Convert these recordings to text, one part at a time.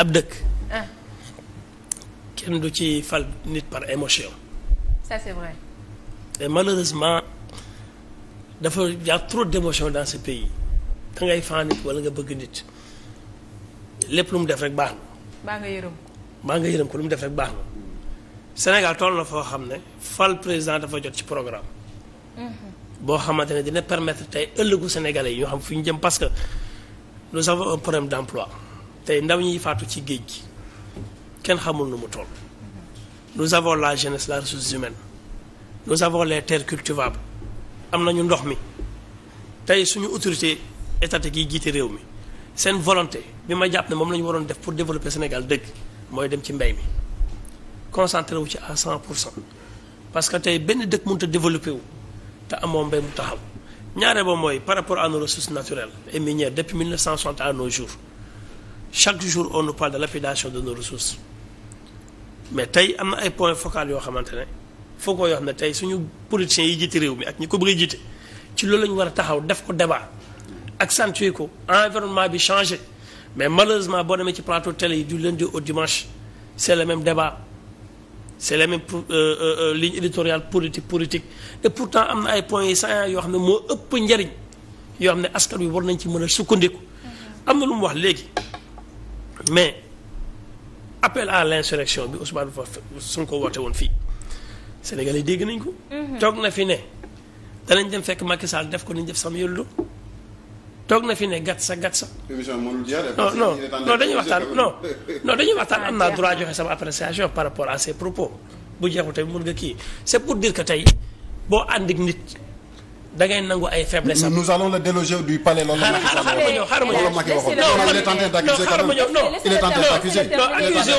ab dëkk. kenn du ci fal nit par émotion. ça c'est malheureusement dafa y a trop d'émotion dans ce pays da ngay nit wala nga bëgg nit lépp lu mu def rek baax na. baa nga yërëm lu mu def baax Sénégal toll na foo xam ne fal président dafa jot ci programme. Mhm. boo xamante ne dina permettre tey ëllëgu Sénégalais yi ñoo xam fu ñu jëm parce que nous avons un problème d'emploi. tey ndaw ñiy faatu ci géej gi kenn xamul nu mu toll nous avons la jeunesse la ressource humaine nous avons les terres cultivables am nañu ndox mi tey suñu autorité étatique yi jiite réew mi seen volonté bi ma jàpp ne moom lañu ñu waroon def pour développer Sénégal dëgg mooy dem ci mbay mi concentré wu ci à cent pour cent parce que tey benn dëkk mënut a développé wu te amoo mbay mu taxaw ñaare ba mooy par rapport à nos ressources naturelles et minières depuis à nos jours chaque jour on nous parle de lapidation de nos ressources mais tey am na ay points focaux yoo xamante ne foo ko yoo xam ne tey suñu politiciens yi jiite réew mi ak ñi ko bëri jiite ci loolu la ñu war a taxaw def ko débat accentuer ko environnement bi changé mais malheureusement boo demee ci plateau télé yi du lundi au dimanche c'est le même débat c'est la même euh, euh, euh ligne éditoriale politique politique et pourtant am na ay points yi saa yoo xam ne moo ëpp njariñ yoo xam ne askan wi war nañ ci mën a sukkandiku mm-hmm. am na lu mu wax léegi. mais appel à l'insurrection bi suñ ko woote woon fii Sénégal yi dégg nañ ko. Mhm. toog na fi ne danañ dem fekk Macky Sall def ko ni ñu def Samuel Doe toog na fi ne gàtt sa gàtt sa. émission mënul jeex non non non dañuy waxtaan no non dañuy waxtaan am ah, naa droit joxe sama appréciation par rapport à ses propos bu jeexul tamit mën nga kii c'est pour dire que tey boo ànd ak nit. da ngay nangu ay faiblesse am. nous allons le déloger la. xaaral ma ñëw xaaral ma ñëw il est tenté d'accuser quand même il est tenté d'accuser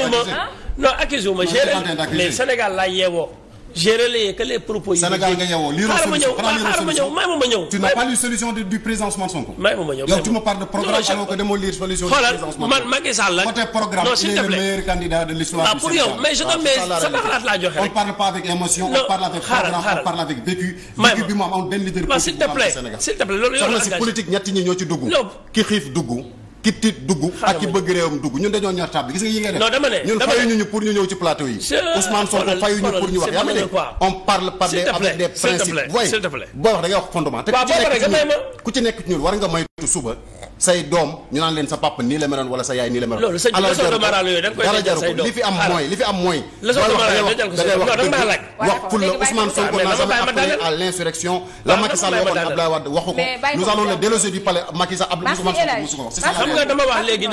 non accusé wu ma les Sénégal laa yeewoo. Sénégal nga ñëwoo lii xaaral ma ñëw xaaral ma ñëw may ma ma ñëw. tu n'as ma ma de programme alors que man Macky Sall la. côté programme il est le candidat de l'histoire pour yow mais je te ah, mais xalaat laa joxe rek. on parle pas avec émotion. on parle avec programme on parle avec vécu. may ma bi mu am benn leader politique bu am ci Sénégal. s'il te plaît s'il te plaît loolu yow la engagé. soxna si politique ñetti ñi ñoo ci dugg. ki xiif dugg ki tiit dugg ak ki bëgg réewam dugg ñun dañoo ñor table gis nga yi ngay def non ñun fayuñu ñu pour ñu ñëw ci plateau yi Ousmane Sonko fayuñu pour ñu wax yaa on parle par avec des principes voyez booy wax da wax fondement te ku ci nekk ñun war nga moytu suba say doom ñu naan leen sa papa nii la meloon wala sa yaay nii la meloon. loolu sëñ bi leçon la Ousmane Sonko n'a jamais appelé à l'insurrection. la Macky Sall waxoon Abdoulaye Wade waxu ko. nous allons le déloger du palais Macky Sall Abdoulaye Ousmane Sonko musu ko wax. xam nga dama wax léegi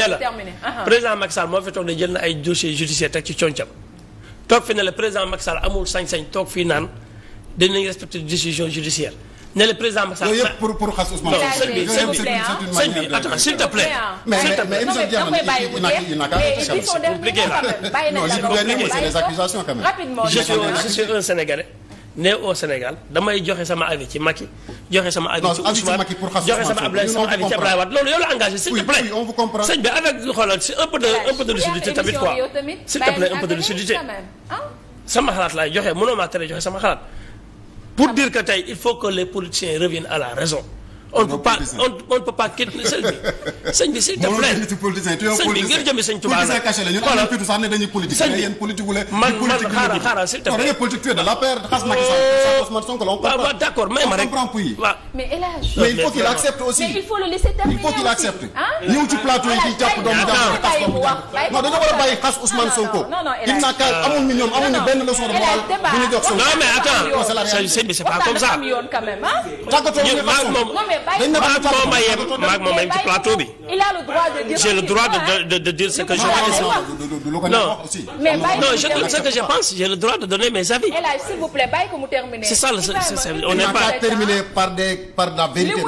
uh-huh. na ay dossiers judiciaires teg ci concam toog fi ne président Macky amul sañ-sañ toog fii naan dinañ respecter décision judiciaire ne le président Macky Sall. yëpp pour pour xas Ousmane. sëñ bi sëñ bi sëñ bi attends s'il te plaît. mais mais émission bi jeex na il n'a il n'a qu'à réfléchir. compliqué la non c'est des accusations quand même. je suis je suis un Sénégalais. né au Sénégal damay joxe sama avis ci Macky joxe sama avis ci Ousmane joxe sama avis sama avis ci Abdoulaye Wade loolu yow la engagé s'il te plaît sëñ bi avec xoolal si un peu de un peu de lucidité tamit quoi s'il te plaît un peu de lucidité sama xalaat laay joxe mënoo maa tere joxe sama xalaat pour dire que tey il faut que les politiciens reviennent à la raison on ne peut pas on ne peut pas kii sëñ bi sëñ bi s'il te plaît sëñ bi ngir jëmee sëñ Tuubaa la voilà sëñ bi man man xaaral xaaral s'il te plaît. waaw waaw euh, d'accord may ma rek waaw. mais El Hadj. mais il faut qu'il accepte aussi mais il faut le laisser terminer il faut qu'il accepte. ñëw ci plateau yi ciy jàpp doomu jàpp xas doomu jàpp non dañoo war a bàyyi xas Ousmane Sonko. non non El Hadj il n'a qu'à amuñu ñoom amuñu benn leçon de morale bu ñu jox Sonko. non mais attends sëñ bi c'est pas comme ça. tàggatoo dañ ne maag moom a yem maag moom a yem ci plateau bi. il a le droit de dire j'ai le droit de de de dire ce que je pense. non non je dis ce que je pense j'ai le droit de donner mes avis. El Hadj s'il vous plaît bàyyi ko mu terminer. c'est ça on n'est pas terminé par des par la vérité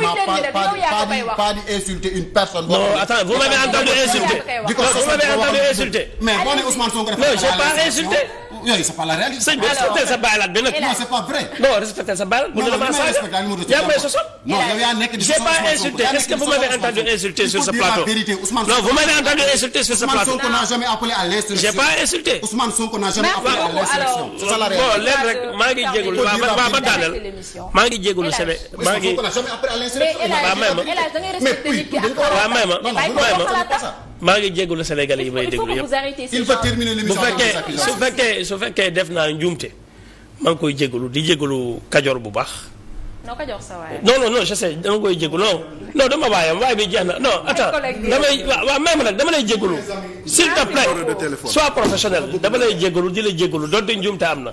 pas d'insulter une personne. non attends vous m'avez entendu insulter. vous m'avez entendu insulter. mais boo nee Ousmane Sonko non j'ai pas insulté. yooyu c'est pas la réalité. sëñ bi respecté sa baalaat bi nag. non c'est pas vrai. non respecté sa baalaat. bu dee ma saa j'ai pas insulté est-ce que vous m'avez entendu insulter sur ce plateau non vous m'avez entendu insulter sur ce plateau Ousmane Sonko n'a jamais appelé à l'insurrection pas insulté bon léegi rek maa ngi jégalu ba ba daaneel maa ngi jégalu sene maa ngi waaw may ma waaw may ma may ma maa ngi jégalu Sénégalais yi may déglu yëpp bu fekkee su fekkee su fekkee def naa njuumte maa ngi koy jégalu di jégalu kajoor bu baax noo ko jox sa waay. non non non je sais dama koy jégalu non non dama waayam waay jeex na non. attends damay waaw waaw dama lay jégalu. s'il te plaît sois professionnel dama lay jégalu di la jégalu donte njuumte am na.